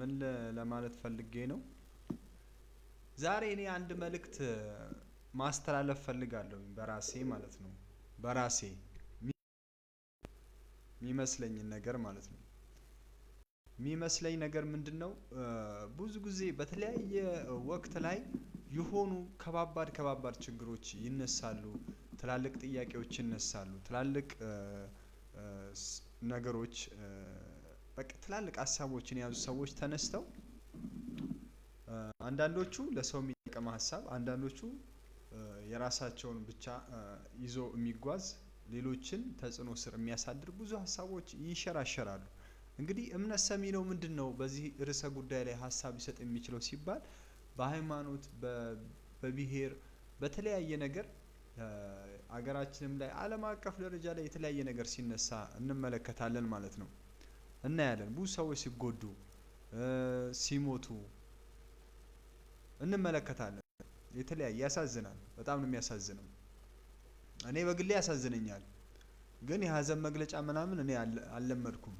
ምን ለማለት ፈልጌ ነው? ዛሬ እኔ አንድ መልእክት ማስተላለፍ ፈልጋለሁ በራሴ ማለት ነው። በራሴ የሚመስለኝን ነገር ማለት ነው። የሚመስለኝ ነገር ምንድን ነው? ብዙ ጊዜ በተለያየ ወቅት ላይ የሆኑ ከባባድ ከባባድ ችግሮች ይነሳሉ። ትላልቅ ጥያቄዎች ይነሳሉ። ትላልቅ ነገሮች በቃ ትላልቅ ሀሳቦችን የያዙ ሰዎች ተነስተው አንዳንዶቹ ለሰው የሚጠቅም ሀሳብ፣ አንዳንዶቹ የራሳቸውን ብቻ ይዞ የሚጓዝ ሌሎችን ተጽዕኖ ስር የሚያሳድር ብዙ ሀሳቦች ይንሸራሸራሉ። እንግዲህ እምነት ሰሚ ነው ምንድን ነው በዚህ ርዕሰ ጉዳይ ላይ ሀሳብ ሊሰጥ የሚችለው ሲባል በሃይማኖት በብሔር በተለያየ ነገር አገራችንም ላይ ዓለም አቀፍ ደረጃ ላይ የተለያየ ነገር ሲነሳ እንመለከታለን ማለት ነው። እናያለን። ብዙ ሰዎች ሲጎዱ ሲሞቱ እንመለከታለን። የተለያየ ያሳዝናል። በጣም ነው የሚያሳዝነው። እኔ በግሌ ያሳዝነኛል። ግን የሀዘን መግለጫ ምናምን እኔ አልለመድኩም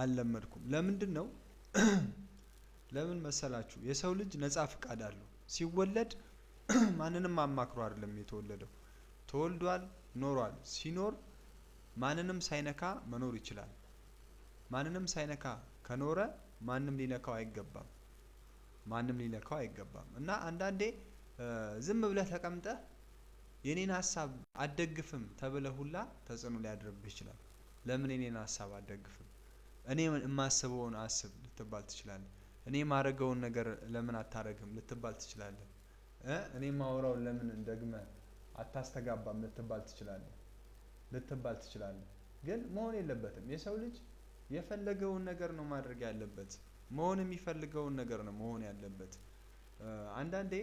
አልለመድኩም። ለምንድን ነው ለምን መሰላችሁ? የሰው ልጅ ነጻ ፍቃድ አለው። ሲወለድ ማንንም አማክሮ አይደለም የተወለደው። ተወልዷል፣ ኖሯል። ሲኖር ማንንም ሳይነካ መኖር ይችላል። ማንንም ሳይነካ ከኖረ ማንም ሊነካው አይገባም። ማንም ሊነካው አይገባም እና አንዳንዴ ዝም ብለህ ተቀምጠህ የኔን ሀሳብ አደግፍም ተብለህ ሁላ ተጽዕኖ ሊያድርብህ ይችላል። ለምን የኔን ሀሳብ አደግፍም? እኔ የማስበውን አስብ ልትባል ትችላለህ። እኔ የማደርገውን ነገር ለምን አታረግም ልትባል ትችላለህ። እኔ የማወራውን ለምን እንደግመ አታስተጋባም ልትባል ትችላለህ ልትባል ትችላለህ። ግን መሆን የለበትም የሰው ልጅ የፈለገውን ነገር ነው ማድረግ ያለበት መሆን የሚፈልገውን ነገር ነው መሆን ያለበት። አንዳንዴ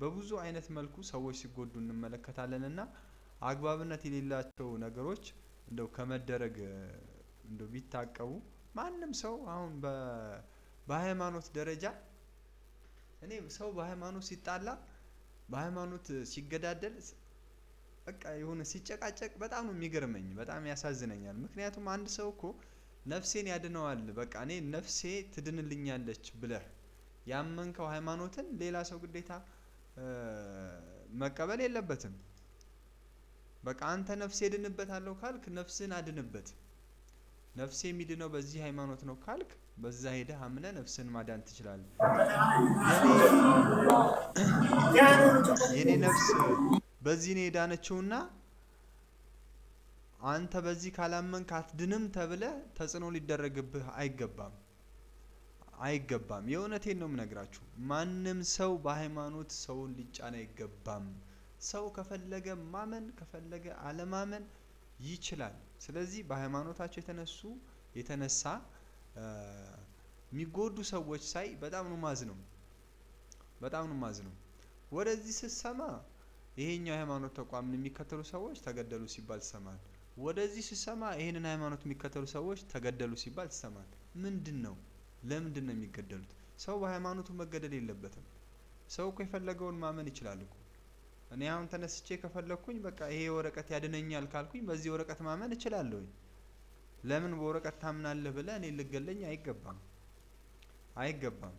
በብዙ አይነት መልኩ ሰዎች ሲጎዱ እንመለከታለን እና አግባብነት የሌላቸው ነገሮች እንደው ከመደረግ እንደው ቢታቀቡ ማንም ሰው አሁን በሃይማኖት ደረጃ እኔ ሰው በሃይማኖት ሲጣላ በሃይማኖት ሲገዳደል በቃ የሆነ ሲጨቃጨቅ በጣም ነው የሚገርመኝ፣ በጣም ያሳዝነኛል። ምክንያቱም አንድ ሰው እኮ ነፍሴን ያድነዋል በቃ እኔ ነፍሴ ትድንልኛለች ብለህ ያመንከው ሃይማኖትን ሌላ ሰው ግዴታ መቀበል የለበትም። በቃ አንተ ነፍሴ ድንበታለሁ ካልክ ነፍስን አድንበት። ነፍሴ የሚድነው በዚህ ሃይማኖት ነው ካልክ በዛ ሄደህ አምነህ ነፍስን ማዳን ትችላለህ። የኔ ነፍስ በዚህ ነው የዳነችውና አንተ በዚህ ካላመንክ አትድንም ተብለ ተጽዕኖ ሊደረግብህ አይገባም አይገባም። የእውነቴን ነው የምነግራችሁ። ማንም ሰው በሃይማኖት ሰውን ሊጫን አይገባም። ሰው ከፈለገ ማመን ከፈለገ አለማመን ይችላል። ስለዚህ በሃይማኖታቸው የተነሱ የተነሳ የሚጎዱ ሰዎች ሳይ በጣም ነው ማዝ ነው በጣም ነው ማዝ ነው ወደዚህ ስትሰማ ይሄኛው የሃይማኖት ተቋምን የሚከተሉ ሰዎች ተገደሉ ሲባል ትሰማል። ወደዚህ ስሰማ ይሄንን ሃይማኖት የሚከተሉ ሰዎች ተገደሉ ሲባል ትሰማል። ምንድን ነው? ለምንድን ነው የሚገደሉት? ሰው በሃይማኖቱ መገደል የለበትም። ሰው እኮ የፈለገውን ማመን ይችላል እኮ። እኔ አሁን ተነስቼ ከፈለግኩኝ በቃ ይሄ ወረቀት ያድነኛል ካልኩኝ በዚህ ወረቀት ማመን እችላለሁኝ። ለምን በወረቀት ታምናለህ ብለህ እኔ ልገለኝ አይገባም አይገባም።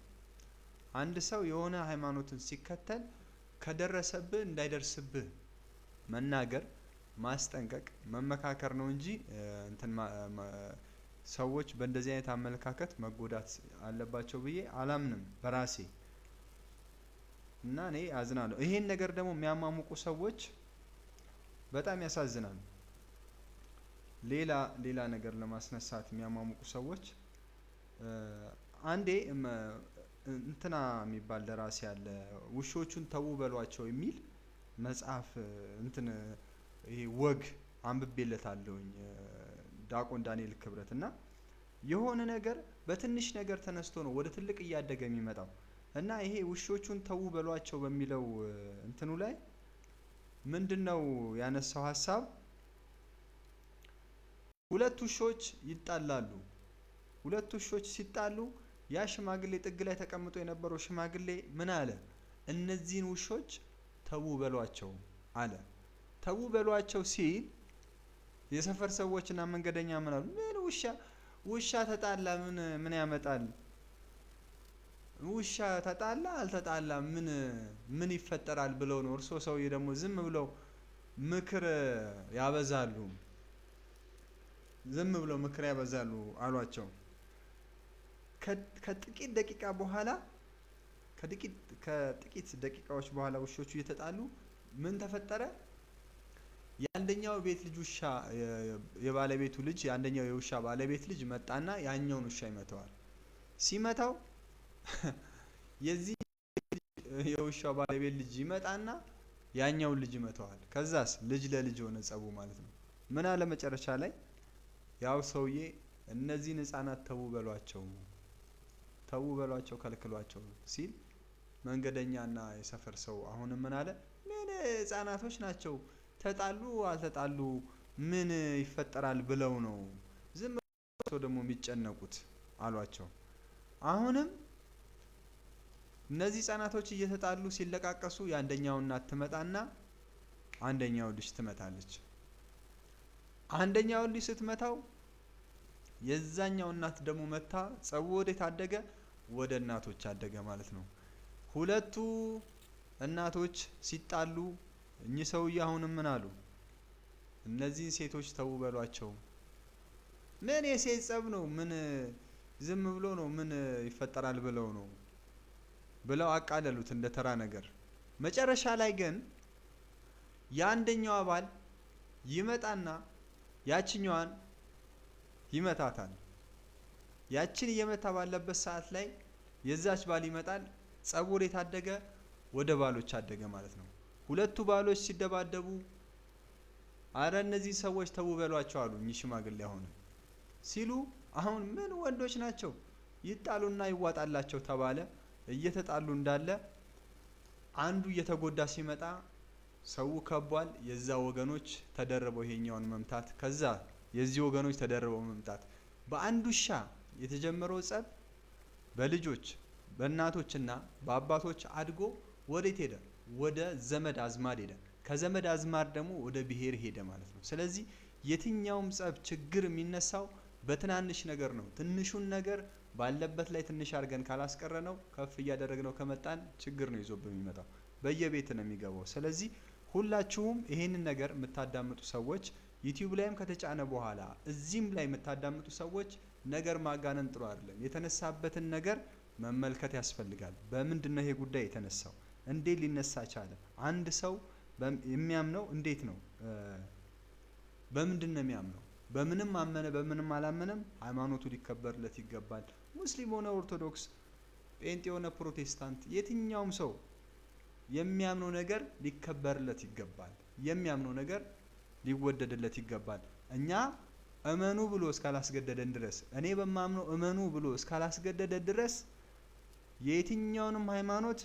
አንድ ሰው የሆነ ሃይማኖትን ሲከተል ከደረሰብህ እንዳይደርስብህ መናገር ማስጠንቀቅ መመካከር ነው እንጂ እንትን ሰዎች በእንደዚህ አይነት አመለካከት መጎዳት አለባቸው ብዬ አላምንም በራሴ እና እኔ አዝናለሁ። ይሄን ነገር ደግሞ የሚያማሙቁ ሰዎች በጣም ያሳዝናል። ሌላ ሌላ ነገር ለማስነሳት የሚያማሙቁ ሰዎች አንዴ እንትና የሚባል ደራሲ አለ ውሾቹን ተዉ በሏቸው የሚል መጽሐፍ እንትን ይሄ ወግ አንብቤለታለሁኝ። ዳቆን ዳንኤል ክብረት እና የሆነ ነገር በትንሽ ነገር ተነስቶ ነው ወደ ትልቅ እያደገ የሚመጣው እና ይሄ ውሾቹን ተዉ በሏቸው በሚለው እንትኑ ላይ ምንድነው ያነሳው ሀሳብ? ሁለት ውሾች ይጣላሉ። ሁለት ውሾች ሲጣሉ ያ ሽማግሌ ጥግ ላይ ተቀምጦ የነበረው ሽማግሌ ምን አለ? እነዚህን ውሾች ተዉ በሏቸው አለ። ተዉ በሏቸው ሲል የሰፈር ሰዎችና መንገደኛ ምን አሉ? ምን ውሻ ውሻ ተጣላ ምን ምን ያመጣል? ውሻ ተጣላ አልተጣላ ምን ምን ይፈጠራል ብለው ነው። እርሶ ሰውዬ ደግሞ ዝም ብለው ምክር ያበዛሉ፣ ዝም ብለው ምክር ያበዛሉ አሏቸው። ከጥቂት ደቂቃ በኋላ ከጥቂት ደቂቃዎች በኋላ ውሾቹ እየተጣሉ ምን ተፈጠረ? የአንደኛው ቤት ልጅ ውሻ የባለቤቱ ልጅ የአንደኛው የውሻ ባለቤት ልጅ መጣና ያኛውን ውሻ ይመታዋል። ሲመታው የዚህ የውሻ ባለቤት ልጅ ይመጣና ያኛውን ልጅ ይመታዋል። ከዛስ ልጅ ለልጅ ሆነ ጸቡ ማለት ነው። ምን አለ መጨረሻ ላይ ያው ሰውዬ እነዚህን ህፃናት ተቡ በሏቸው ተዉ በሏቸው ከልክሏቸው ሲል መንገደኛና የሰፈር ሰው አሁንም ምን አለ? ምን ህጻናቶች ናቸው ተጣሉ አልተጣሉ ምን ይፈጠራል ብለው ነው ዝም ሰው ደግሞ የሚጨነቁት አሏቸው። አሁንም እነዚህ ህጻናቶች እየተጣሉ ሲለቃቀሱ የአንደኛው እናት ትመጣና አንደኛው ልጅ ትመታለች። አንደኛው ልጅ ስትመታው የዛኛው እናት ደግሞ መታ ጸቡ ወዴት አደገ ወደ እናቶች አደገ ማለት ነው። ሁለቱ እናቶች ሲጣሉ እኚህ ሰውዬ አሁንም ምን አሉ? እነዚህን ሴቶች ተው በሏቸው። ምን የሴት ጸብ ነው? ምን ዝም ብሎ ነው? ምን ይፈጠራል ብለው ነው ብለው አቃለሉት እንደ ተራ ነገር። መጨረሻ ላይ ግን የአንደኛው አባል ይመጣና ያችኛዋን ይመታታል። ያችን እየመታ ባለበት ሰዓት ላይ የዛች ባል ይመጣል። ጸጉር የታደገ ወደ ባሎች አደገ ማለት ነው። ሁለቱ ባሎች ሲደባደቡ አረ እነዚህ ሰዎች ተው በሏቸው አሉ እኚህ ሽማግሌ። አሁን ሲሉ አሁን ምን ወንዶች ናቸው ይጣሉና ይዋጣላቸው ተባለ። እየተጣሉ እንዳለ አንዱ እየተጎዳ ሲመጣ ሰው ከቧል። የዛ ወገኖች ተደርበው ይሄኛውን መምታት፣ ከዛ የዚህ ወገኖች ተደርበው መምታት በአንዱ የተጀመረው ጸብ በልጆች በእናቶችና በአባቶች አድጎ ወዴት ሄደ? ወደ ዘመድ አዝማድ ሄደ። ከዘመድ አዝማድ ደግሞ ወደ ብሔር ሄደ ማለት ነው። ስለዚህ የትኛውም ጸብ ችግር የሚነሳው በትናንሽ ነገር ነው። ትንሹን ነገር ባለበት ላይ ትንሽ አድርገን ካላስቀረ ነው ከፍ እያደረግነው ከመጣን ችግር ነው ይዞ በሚመጣው በየቤት ነው የሚገባው። ስለዚህ ሁላችሁም ይሄንን ነገር የምታዳምጡ ሰዎች ዩቲዩብ ላይም ከተጫነ በኋላ እዚህም ላይ የምታዳምጡ ሰዎች ነገር ማጋነን ጥሩ አይደለም። የተነሳበትን ነገር መመልከት ያስፈልጋል። በምንድን ነው ይሄ ጉዳይ የተነሳው? እንዴት ሊነሳ ቻለ? አንድ ሰው የሚያምነው እንዴት ነው? በምንድን ነው የሚያምነው? በምንም አመነ በምንም አላመነም ሃይማኖቱ ሊከበርለት ይገባል። ሙስሊም ሆነ ኦርቶዶክስ፣ ጴንጤ ሆነ ፕሮቴስታንት፣ የትኛውም ሰው የሚያምነው ነገር ሊከበርለት ይገባል። የሚያምነው ነገር ሊወደድለት ይገባል። እኛ እመኑ ብሎ እስካላስገደደን ድረስ እኔ በማምነው እመኑ ብሎ እስካላስገደደ ድረስ የየትኛውንም ሃይማኖት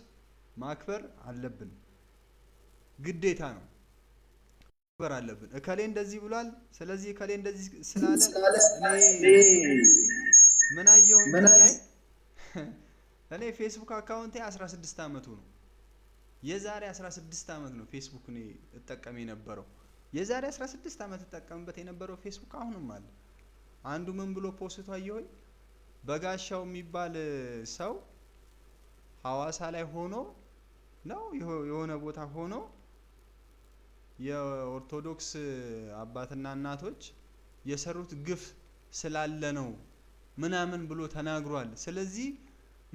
ማክበር አለብን፣ ግዴታ ነው። ማክበር አለብን። እከሌ እንደዚህ ብሏል፣ ስለዚህ እከሌ እንደዚህ ስላለ እኔ ምን አየሁ ላይ እኔ ፌስቡክ አካውንቴ 16 ዓመቱ ነው። የዛሬ 16 አመት ነው ፌስቡክ እኔ እጠቀም የነበረው የዛሬ 16 ዓመት ተጠቀምበት የነበረው ፌስቡክ አሁንም አለ። አንዱ ምን ብሎ ፖስቷ አየሁኝ በጋሻው የሚባል ሰው ሐዋሳ ላይ ሆኖ ነው የሆነ ቦታ ሆኖ የኦርቶዶክስ አባትና እናቶች የሰሩት ግፍ ስላለ ነው ምናምን ብሎ ተናግሯል። ስለዚህ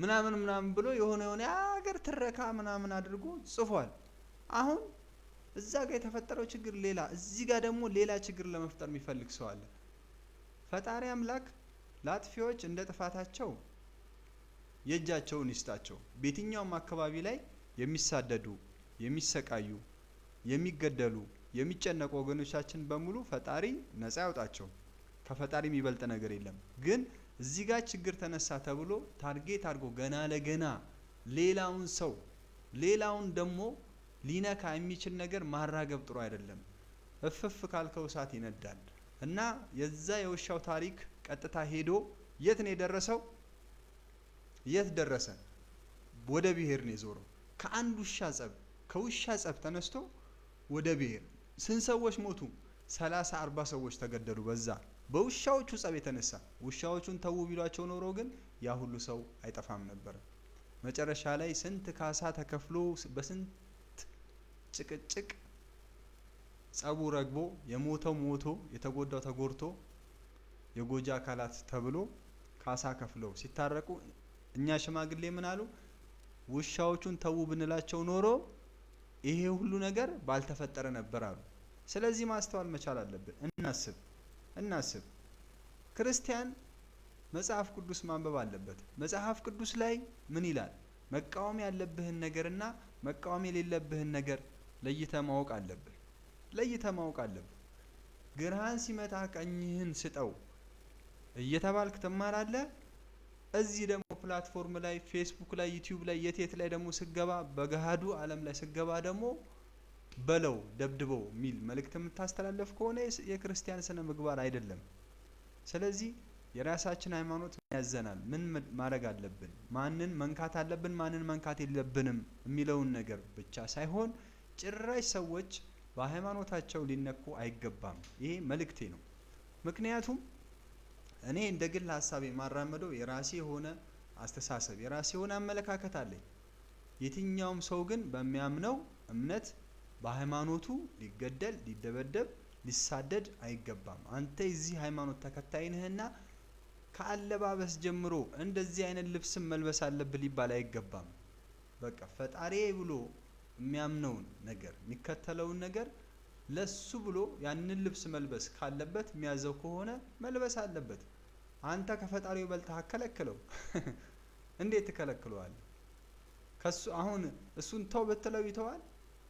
ምናምን ምናምን ብሎ የሆነ የሆነ የሀገር ትረካ ምናምን አድርጎ ጽፏል። አሁን እዛ ጋር የተፈጠረው ችግር ሌላ፣ እዚህ ጋር ደግሞ ሌላ ችግር ለመፍጠር የሚፈልግ ሰው አለ። ፈጣሪ አምላክ ለአጥፊዎች እንደ ጥፋታቸው የእጃቸውን ይስጣቸው። በየትኛውም አካባቢ ላይ የሚሳደዱ፣ የሚሰቃዩ፣ የሚገደሉ፣ የሚጨነቁ ወገኖቻችን በሙሉ ፈጣሪ ነጻ ያውጣቸው። ከፈጣሪ የሚበልጥ ነገር የለም። ግን እዚህ ጋር ችግር ተነሳ ተብሎ ታርጌት አድርጎ ገና ለገና ሌላውን ሰው ሌላውን ደግሞ ሊነካ የሚችል ነገር ማራገብ ጥሩ አይደለም። እፍፍ ካልከው እሳት ይነዳል እና የዛ የውሻው ታሪክ ቀጥታ ሄዶ የት ነው የደረሰው? የት ደረሰ? ወደ ብሔር ነው የዞረው። ከአንድ ውሻ ጸብ፣ ከውሻ ጸብ ተነስቶ ወደ ብሔር ስንት ሰዎች ሞቱ? ሰላሳ አርባ ሰዎች ተገደሉ። በዛ በውሻዎቹ ጸብ የተነሳ ውሻዎቹን ተው ቢሏቸው ኖሮ ግን ያ ሁሉ ሰው አይጠፋም ነበር። መጨረሻ ላይ ስንት ካሳ ተከፍሎ በስንት ጭቅጭቅ፣ ጸቡ ረግቦ የሞተው ሞቶ የተጎዳው ተጎድቶ የጎጂ አካላት ተብሎ ካሳ ከፍለው ሲታረቁ እኛ ሽማግሌ ምን አሉ? ውሻዎቹን ተዉ ብንላቸው ኖሮ ይሄ ሁሉ ነገር ባልተፈጠረ ነበር አሉ። ስለዚህ ማስተዋል መቻል አለብን። እናስብ እናስብ። ክርስቲያን መጽሐፍ ቅዱስ ማንበብ አለበት። መጽሐፍ ቅዱስ ላይ ምን ይላል? መቃወም ያለብህን ነገርና መቃወም የሌለብህን ነገር ለይተ ማወቅ አለብህ። ለይተ ማወቅ አለብህ። ግራህን ሲመታ ቀኝህን ስጠው እየተባልክ ትማራለህ። እዚህ ደግሞ ፕላትፎርም ላይ ፌስቡክ ላይ ዩቲዩብ ላይ የቴት ላይ ደግሞ ስገባ በገሃዱ ዓለም ላይ ስገባ ደግሞ በለው ደብድበው የሚል መልእክት የምታስተላለፍ ከሆነ የክርስቲያን ስነ ምግባር አይደለም። ስለዚህ የራሳችን ሃይማኖት ያዘናል። ምን ማድረግ አለብን፣ ማንን መንካት አለብን፣ ማንን መንካት የለብንም የሚለውን ነገር ብቻ ሳይሆን ጭራሽ ሰዎች በሃይማኖታቸው ሊነኩ አይገባም። ይሄ መልእክቴ ነው። ምክንያቱም እኔ እንደ ግል ሀሳብ የማራመደው የራሴ የሆነ አስተሳሰብ የራሴ የሆነ አመለካከት አለኝ። የትኛውም ሰው ግን በሚያምነው እምነት በሃይማኖቱ ሊገደል፣ ሊደበደብ፣ ሊሳደድ አይገባም። አንተ የዚህ ሃይማኖት ተከታይ ነህና ከአለባበስ ጀምሮ እንደዚህ አይነት ልብስም መልበስ አለብህ ሊባል አይገባም። በቃ ፈጣሪ ብሎ የሚያምነውን ነገር የሚከተለውን ነገር ለሱ ብሎ ያንን ልብስ መልበስ ካለበት የሚያዘው ከሆነ መልበስ አለበት። አንተ ከፈጣሪው በልተህ አከለክለው። እንዴት ትከለክለዋል? ከሱ አሁን እሱን ተው ብትለው ይተዋል?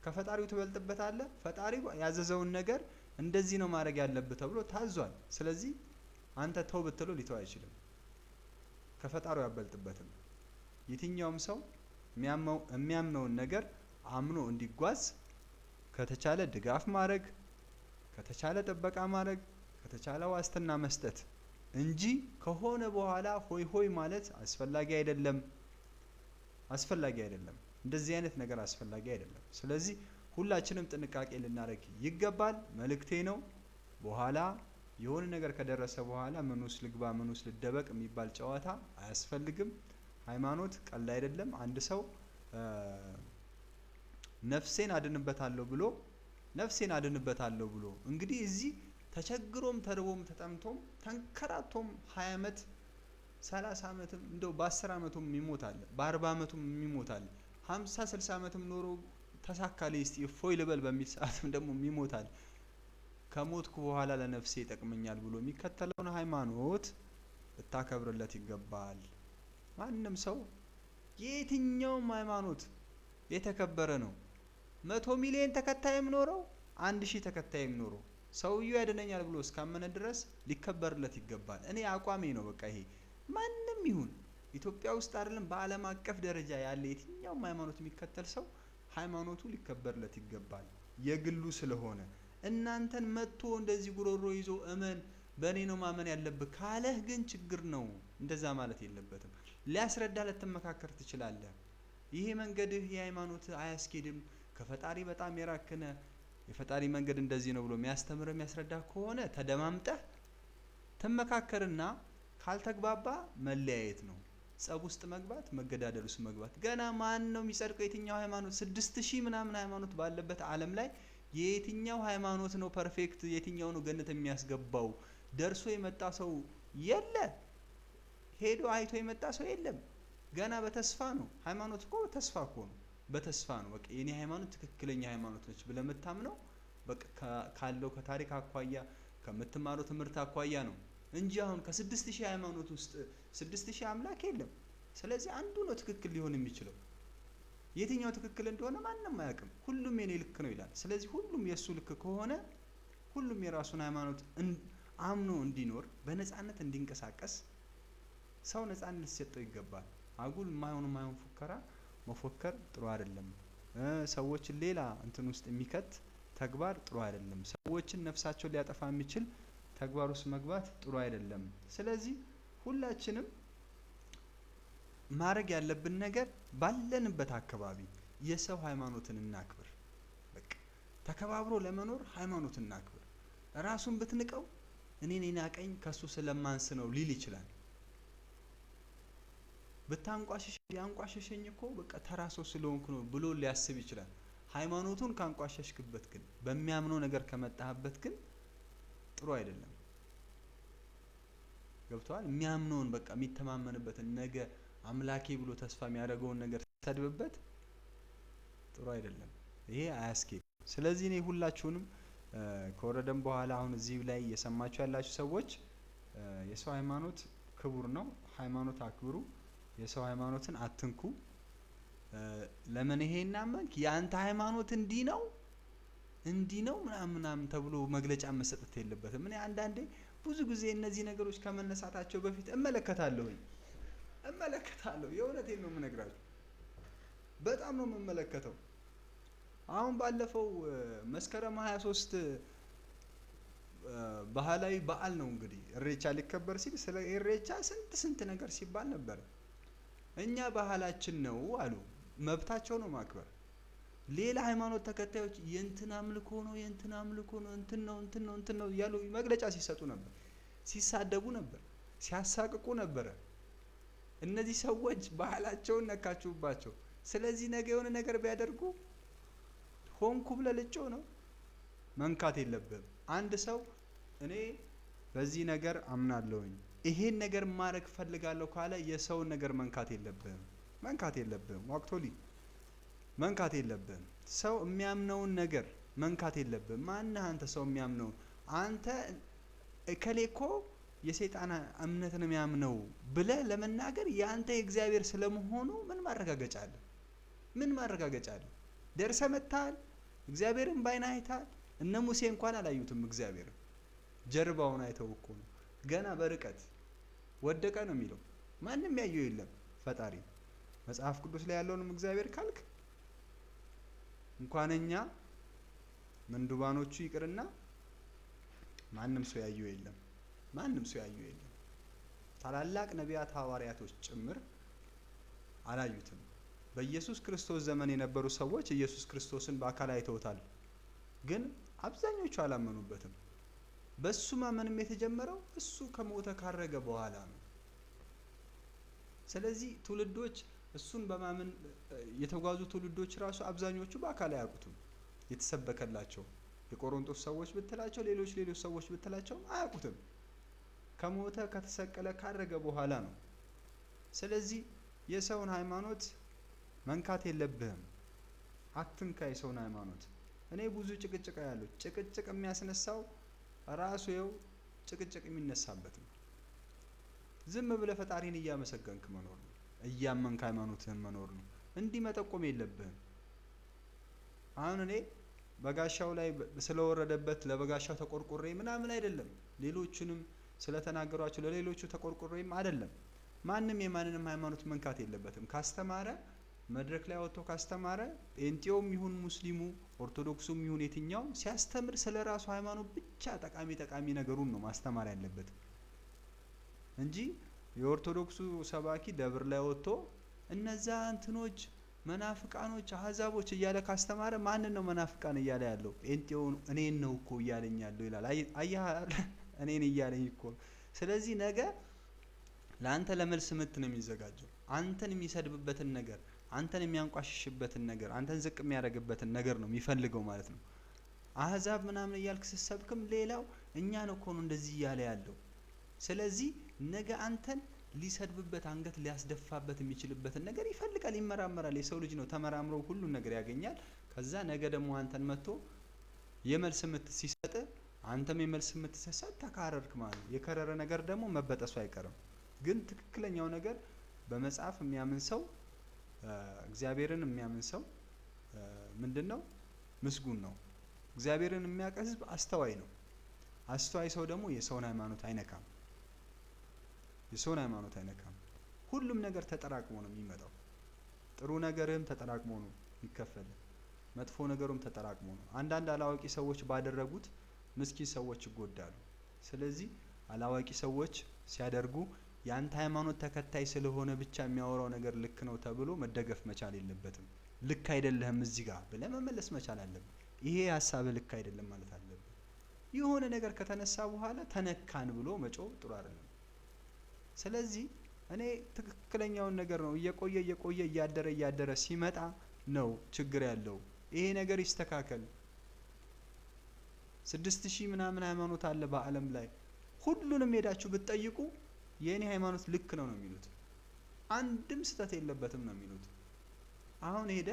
ከፈጣሪው አለ? ፈጣሪው ያዘዘውን ነገር እንደዚህ ነው ማድረግ ያለብህ ተብሎ ታዟል። ስለዚህ አንተ ተው ብትለው ሊተው አይችልም። ከፈጣሪው አያበልጥበትም። የትኛውም ሰው የሚያምነውን ነገር አምኖ እንዲጓዝ ከተቻለ ድጋፍ ማድረግ ከተቻለ ጥበቃ ማድረግ ከተቻለ ዋስትና መስጠት እንጂ ከሆነ በኋላ ሆይ ሆይ ማለት አስፈላጊ አይደለም። አስፈላጊ አይደለም። እንደዚህ አይነት ነገር አስፈላጊ አይደለም። ስለዚህ ሁላችንም ጥንቃቄ ልናደርግ ይገባል መልእክቴ ነው። በኋላ የሆነ ነገር ከደረሰ በኋላ ምኑስ ልግባ፣ ምኑስ ልደበቅ የሚባል ጨዋታ አያስፈልግም። ሃይማኖት ቀልድ አይደለም። አንድ ሰው ነፍሴን አድንበታለሁ ብሎ ነፍሴን አድንበታለሁ ብሎ እንግዲህ እዚህ ተቸግሮም ተርቦም ተጠምቶም ተንከራቶም 20 ዓመት 30 ዓመትም እንደው በ10 ዓመቱም የሚሞት በ በ40 ዓመቱም የሚሞት 50 60 ዓመትም ኖሮ ተሳካለ እስቲ እፎይ ልበል በሚል ሰዓትም ደግሞ የሚሞት ከሞትኩ በኋላ ለነፍሴ ይጠቅመኛል ብሎ የሚከተለውን ሃይማኖት ልታከብርለት ይገባል። ማንም ሰው የትኛውም ሃይማኖት የተከበረ ነው። መቶ ሚሊዮን ተከታይም ኖረው አንድ ሺህ ተከታይም ኖረው ሰውየው ያድነኛል ብሎ እስካመነ ድረስ ሊከበርለት ይገባል። እኔ አቋሜ ነው። በቃ ይሄ ማንም ይሁን ኢትዮጵያ ውስጥ አይደለም በዓለም አቀፍ ደረጃ ያለ የትኛውም ሃይማኖት የሚከተል ሰው ሃይማኖቱ ሊከበርለት ይገባል፣ የግሉ ስለሆነ። እናንተን መጥቶ እንደዚህ ጉሮሮ ይዞ እመን በእኔ ነው ማመን ያለብህ ካለህ ግን ችግር ነው። እንደዛ ማለት የለበትም። ሊያስረዳ ልትመካከር ትችላለህ። ይሄ መንገድህ የሃይማኖት አያስኬድም ከፈጣሪ በጣም የራክነ የፈጣሪ መንገድ እንደዚህ ነው ብሎ የሚያስተምር የሚያስረዳ ከሆነ ተደማምጠህ ትመካከርና ካልተግባባ መለያየት ነው። ጸብ ውስጥ መግባት፣ መገዳደል ውስጥ መግባት። ገና ማን ነው የሚጸድቀው? የትኛው ሃይማኖት? ስድስት ሺህ ምናምን ሃይማኖት ባለበት ዓለም ላይ የትኛው ሃይማኖት ነው ፐርፌክት? የትኛው ነው ገነት የሚያስገባው? ደርሶ የመጣ ሰው የለ፣ ሄዶ አይቶ የመጣ ሰው የለም። ገና በተስፋ ነው። ሃይማኖት እኮ ተስፋ እኮ ነው። በተስፋ ነው። በቃ የኔ ሃይማኖት ትክክለኛ ሃይማኖት ነች ብለምታምነው በቃ ካለው ከታሪክ አኳያ ከምትማረው ትምህርት አኳያ ነው እንጂ አሁን ከስድስት ሺህ ሃይማኖት ውስጥ ስድስት ሺህ አምላክ የለም። ስለዚህ አንዱ ነው ትክክል ሊሆን የሚችለው። የትኛው ትክክል እንደሆነ ማንም አያውቅም። ሁሉም የኔ ልክ ነው ይላል። ስለዚህ ሁሉም የእሱ ልክ ከሆነ ሁሉም የራሱን ሃይማኖት አምኖ እንዲኖር በነፃነት እንዲንቀሳቀስ ሰው ነፃነት ሊሰጠው ይገባል። አጉል የማይሆን የማይሆን ፉከራ መፎከር ጥሩ አይደለም። ሰዎችን ሌላ እንትን ውስጥ የሚከት ተግባር ጥሩ አይደለም። ሰዎችን ነፍሳቸውን ሊያጠፋ የሚችል ተግባር ውስጥ መግባት ጥሩ አይደለም። ስለዚህ ሁላችንም ማድረግ ያለብን ነገር ባለንበት አካባቢ የሰው ሃይማኖትን እናክብር። በቃ ተከባብሮ ለመኖር ሃይማኖትን እናክብር። ራሱን ብትንቀው እኔን ናቀኝ ከሱ ስለማንስ ነው ሊል ይችላል። ብታንቋሽሽ ያንቋሸሸኝ እኮ በቃ ተራ ሰው ስለሆንኩ ነው ብሎ ሊያስብ ይችላል። ሃይማኖቱን ካንቋሸሽክበት ግን በሚያምነው ነገር ከመጣህበት ግን ጥሩ አይደለም። ገብተዋል። የሚያምነውን በቃ የሚተማመንበትን ነገ አምላኬ ብሎ ተስፋ የሚያደርገውን ነገር ሰድብበት ጥሩ አይደለም። ይሄ አያስኬድ። ስለዚህ እኔ ሁላችሁንም ከወረደም በኋላ አሁን እዚህ ላይ እየሰማችሁ ያላችሁ ሰዎች የሰው ሃይማኖት ክቡር ነው። ሃይማኖት አክብሩ። የሰው ሃይማኖትን አትንኩ። ለምን ይሄ እናመንክ የአንተ ሃይማኖት እንዲህ ነው እንዲህ ነው ምናምን ምናምን ተብሎ መግለጫ መሰጠት የለበትም። እኔ አንዳንዴ ብዙ ጊዜ እነዚህ ነገሮች ከመነሳታቸው በፊት እመለከታለሁኝ እመለከታለሁ። የእውነቴን ነው የምነግራችሁ፣ በጣም ነው የምመለከተው። አሁን ባለፈው መስከረም 23 ባህላዊ በዓል ነው እንግዲህ እሬቻ ሊከበር ሲል ስለ እሬቻ ስንት ስንት ነገር ሲባል ነበር። እኛ ባህላችን ነው አሉ። መብታቸው ነው ማክበር። ሌላ ሃይማኖት ተከታዮች የእንትን አምልኮ ነው የእንትን አምልኮ ነው እንትን ነው እንትን ነው እንትን ነው እያሉ መግለጫ ሲሰጡ ነበር፣ ሲሳደቡ ነበር፣ ሲያሳቅቁ ነበረ። እነዚህ ሰዎች ባህላቸውን ነካችሁባቸው። ስለዚህ ነገ የሆነ ነገር ቢያደርጉ ሆንኩ ብለህ ልጮ ነው። መንካት የለብህም። አንድ ሰው እኔ በዚህ ነገር አምናለሁኝ ይሄን ነገር ማድረግ ፈልጋለሁ ካለ የሰውን ነገር መንካት የለብህም መንካት የለብህም ዋክቶሊ መንካት የለብህም ሰው የሚያምነውን ነገር መንካት የለብህም ማነህ አንተ ሰው የሚያምነውን አንተ እከሌ ኮ የሰይጣን እምነት የሚያምነው ብለህ ለመናገር የአንተ የእግዚአብሔር ስለመሆኑ ምን ማረጋገጫ አለ ምን ማረጋገጫ አለ ደርሰ መጥተሃል እግዚአብሔርን ባይና አይተሃል እነ ሙሴ እንኳን አላዩትም እግዚአብሔር ጀርባውን አይተው እኮ ነው ገና በርቀት ወደቀ ነው የሚለው። ማንም ያየው የለም ፈጣሪ። መጽሐፍ ቅዱስ ላይ ያለውንም እግዚአብሔር ካልክ እንኳን እኛ ምንዱባኖቹ ይቅርና ማንም ሰው ያየው የለም። ማንም ሰው ያየው የለም። ታላላቅ ነቢያት፣ ሐዋርያቶች ጭምር አላዩትም። በኢየሱስ ክርስቶስ ዘመን የነበሩ ሰዎች ኢየሱስ ክርስቶስን በአካል አይተውታል፣ ግን አብዛኞቹ አላመኑበትም። በእሱ ማመንም የተጀመረው እሱ ከሞተ ካረገ በኋላ ነው። ስለዚህ ትውልዶች እሱን በማመን የተጓዙ ትውልዶች ራሱ አብዛኞቹ በአካል አያውቁትም። የተሰበከላቸው የቆሮንቶስ ሰዎች ብትላቸው፣ ሌሎች ሌሎች ሰዎች ብትላቸው አያውቁትም። ከሞተ ከተሰቀለ ካረገ በኋላ ነው። ስለዚህ የሰውን ሃይማኖት መንካት የለብህም። አትንካ የሰውን ሃይማኖት። እኔ ብዙ ጭቅጭቅ ያለው ጭቅጭቅ የሚያስነሳው ራሱ ይኸው ጭቅጭቅ የሚነሳበት ነው። ዝም ብለህ ፈጣሪን እያመሰገንክ መኖር ነው። እያመንክ ሃይማኖትህን መኖር ነው። እንዲህ መጠቆም የለብህም። አሁን እኔ በጋሻው ላይ ስለወረደበት ለበጋሻው ተቆርቆሬ ምናምን አይደለም፣ ሌሎቹንም ስለተናገሯቸው ለሌሎቹ ተቆርቆሬም አይደለም። ማንም የማንንም ሃይማኖት መንካት የለበትም ካስተማረ መድረክ ላይ ወጥቶ ካስተማረ ጴንጤውም ይሁን ሙስሊሙ ኦርቶዶክሱም ይሁን የትኛው ሲያስተምር ስለ ራሱ ሃይማኖት ብቻ ጠቃሚ ጠቃሚ ነገሩን ነው ማስተማር ያለበት እንጂ የኦርቶዶክሱ ሰባኪ ደብር ላይ ወጥቶ እነዛ እንትኖች መናፍቃኖች፣ አህዛቦች እያለ ካስተማረ ማንን ነው መናፍቃን እያለ ያለው? ጴንጤውን እኔን ነው እኮ እያለኝ ያለው ይላል። አያል እኔን እያለኝ እኮ። ስለዚህ ነገ ለአንተ ለመልስ ምት ነው የሚዘጋጀው አንተን የሚሰድብበትን ነገር አንተን የሚያንቋሽሽበትን ነገር አንተን ዝቅ የሚያደርግበትን ነገር ነው የሚፈልገው ማለት ነው። አህዛብ ምናምን እያልክ ስትሰብክም ሌላው እኛ ነው ነው እንደዚህ እያለ ያለው። ስለዚህ ነገ አንተን ሊሰድብበት አንገት ሊያስደፋበት የሚችልበትን ነገር ይፈልጋል፣ ይመራመራል። የሰው ልጅ ነው ተመራምሮ ሁሉን ነገር ያገኛል። ከዛ ነገ ደግሞ አንተን መጥቶ የመልስ ምት ሲሰጥ አንተም የመልስ ምት ስትሰጥ ተካረርክ ማለት ነው። የከረረ ነገር ደግሞ መበጠሱ አይቀርም። ግን ትክክለኛው ነገር በመጽሐፍ የሚያምን ሰው እግዚአብሔርን የሚያምን ሰው ምንድን ነው? ምስጉን ነው። እግዚአብሔርን የሚያውቅ ህዝብ አስተዋይ ነው። አስተዋይ ሰው ደግሞ የሰውን ሃይማኖት አይነካም። የሰውን ሃይማኖት አይነካም። ሁሉም ነገር ተጠራቅሞ ነው የሚመጣው። ጥሩ ነገርም ተጠራቅሞ ነው የሚከፈል፣ መጥፎ ነገሩም ተጠራቅሞ ነው። አንዳንድ አላዋቂ ሰዎች ባደረጉት ምስኪን ሰዎች ይጎዳሉ። ስለዚህ አላዋቂ ሰዎች ሲያደርጉ የአንተ ሃይማኖት ተከታይ ስለሆነ ብቻ የሚያወራው ነገር ልክ ነው ተብሎ መደገፍ መቻል የለበትም። ልክ አይደለህም እዚህ ጋር ብለህ መመለስ መቻል አለብህ። ይሄ ሀሳብህ ልክ አይደለም ማለት አለብህ። የሆነ ነገር ከተነሳ በኋላ ተነካን ብሎ መጮ ጥሩ አይደለም። ስለዚህ እኔ ትክክለኛውን ነገር ነው እየቆየ እየቆየ እያደረ እያደረ ሲመጣ ነው ችግር ያለው። ይሄ ነገር ይስተካከል። ስድስት ሺህ ምናምን ሃይማኖት አለ በዓለም ላይ ሁሉንም ሄዳችሁ ብትጠይቁ የእኔ ሃይማኖት ልክ ነው ነው የሚሉት። አንድም ስህተት የለበትም ነው የሚሉት። አሁን ሄደ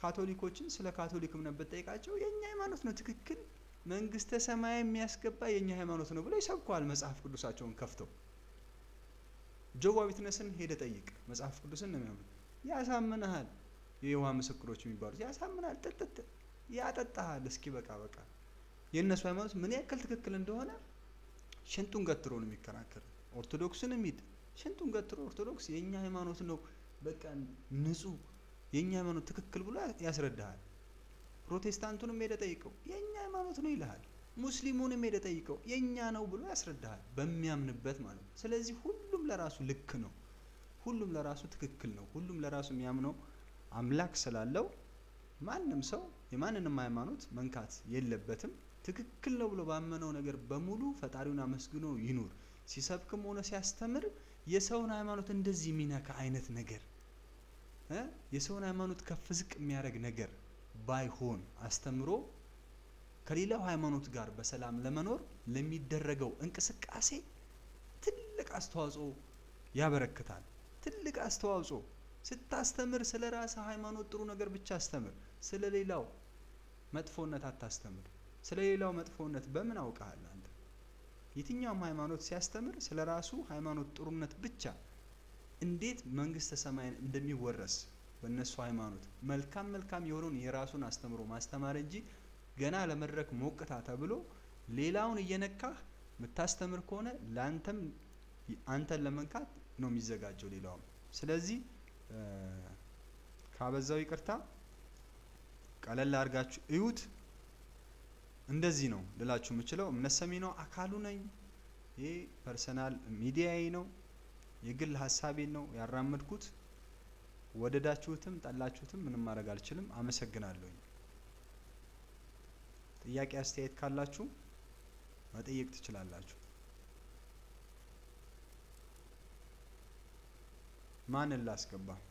ካቶሊኮችን ስለ ካቶሊክ እምነት ብትጠይቃቸው የእኛ ሃይማኖት ነው ትክክል፣ መንግስተ ሰማይ የሚያስገባ የእኛ ሃይማኖት ነው ብለው ይሰብከዋል። መጽሐፍ ቅዱሳቸውን ከፍተው ጆዋ ሄደ ጠይቅ፣ መጽሐፍ ቅዱስን ነው የሚያምኑት። ያሳምንሃል፣ የይሖዋ ምስክሮች የሚባሉት ያሳምናል፣ ጥጥጥ ያጠጣሃል። እስኪ በቃ በቃ የእነሱ ሃይማኖት ምን ያክል ትክክል እንደሆነ ሽንጡን ገትሮ ነው የሚከራከር። ኦርቶዶክስን ሚድ ሽንቱን ገትሮ ኦርቶዶክስ የእኛ ሃይማኖት ነው በቃ ንጹህ የእኛ ሃይማኖት ትክክል ብሎ ያስረዳሃል። ፕሮቴስታንቱንም ሄደ ጠይቀው የእኛ ሃይማኖት ነው ይልሃል። ሙስሊሙንም ሄደ ጠይቀው የእኛ ነው ብሎ ያስረዳሃል፣ በሚያምንበት ማለት ነው። ስለዚህ ሁሉም ለራሱ ልክ ነው፣ ሁሉም ለራሱ ትክክል ነው፣ ሁሉም ለራሱ የሚያምነው አምላክ ስላለው ማንም ሰው የማንንም ሃይማኖት መንካት የለበትም። ትክክል ነው ብሎ ባመነው ነገር በሙሉ ፈጣሪውን አመስግኖ ይኑር። ሲሰብክም ሆነ ሲያስተምር የሰውን ሃይማኖት እንደዚህ የሚነካ አይነት ነገር የሰውን ሃይማኖት ከፍ ዝቅ የሚያደርግ ነገር ባይሆን አስተምሮ ከሌላው ሃይማኖት ጋር በሰላም ለመኖር ለሚደረገው እንቅስቃሴ ትልቅ አስተዋጽኦ ያበረክታል። ትልቅ አስተዋጽኦ ስታስተምር ስለ ራስ ሃይማኖት ጥሩ ነገር ብቻ አስተምር፣ ስለ ሌላው መጥፎነት አታስተምር። ስለ ሌላው መጥፎነት በምን አውቃለሁ? የትኛውም ሃይማኖት ሲያስተምር ስለ ራሱ ሃይማኖት ጥሩነት ብቻ እንዴት መንግስተ ሰማይን እንደሚወረስ በእነሱ ሃይማኖት መልካም መልካም የሆነውን የራሱን አስተምሮ ማስተማር እንጂ ገና ለመድረክ ሞቅታ ተብሎ ሌላውን እየነካህ የምታስተምር ከሆነ ለአንተም አንተን ለመንካት ነው የሚዘጋጀው ሌላውም። ስለዚህ ካበዛው ይቅርታ፣ ቀለል አድርጋችሁ እዩት። እንደዚህ ነው ልላችሁ የምችለው። እምነት ሰሚ ነው፣ አካሉ ነኝ። ይህ ፐርሰናል ሚዲያዬ ነው፣ የግል ሀሳቤን ነው ያራመድኩት። ወደዳችሁትም ጠላችሁትም ምንም ማድረግ አልችልም። አመሰግናለሁኝ። ጥያቄ አስተያየት ካላችሁ መጠየቅ ትችላላችሁ። ማንን ላስገባ?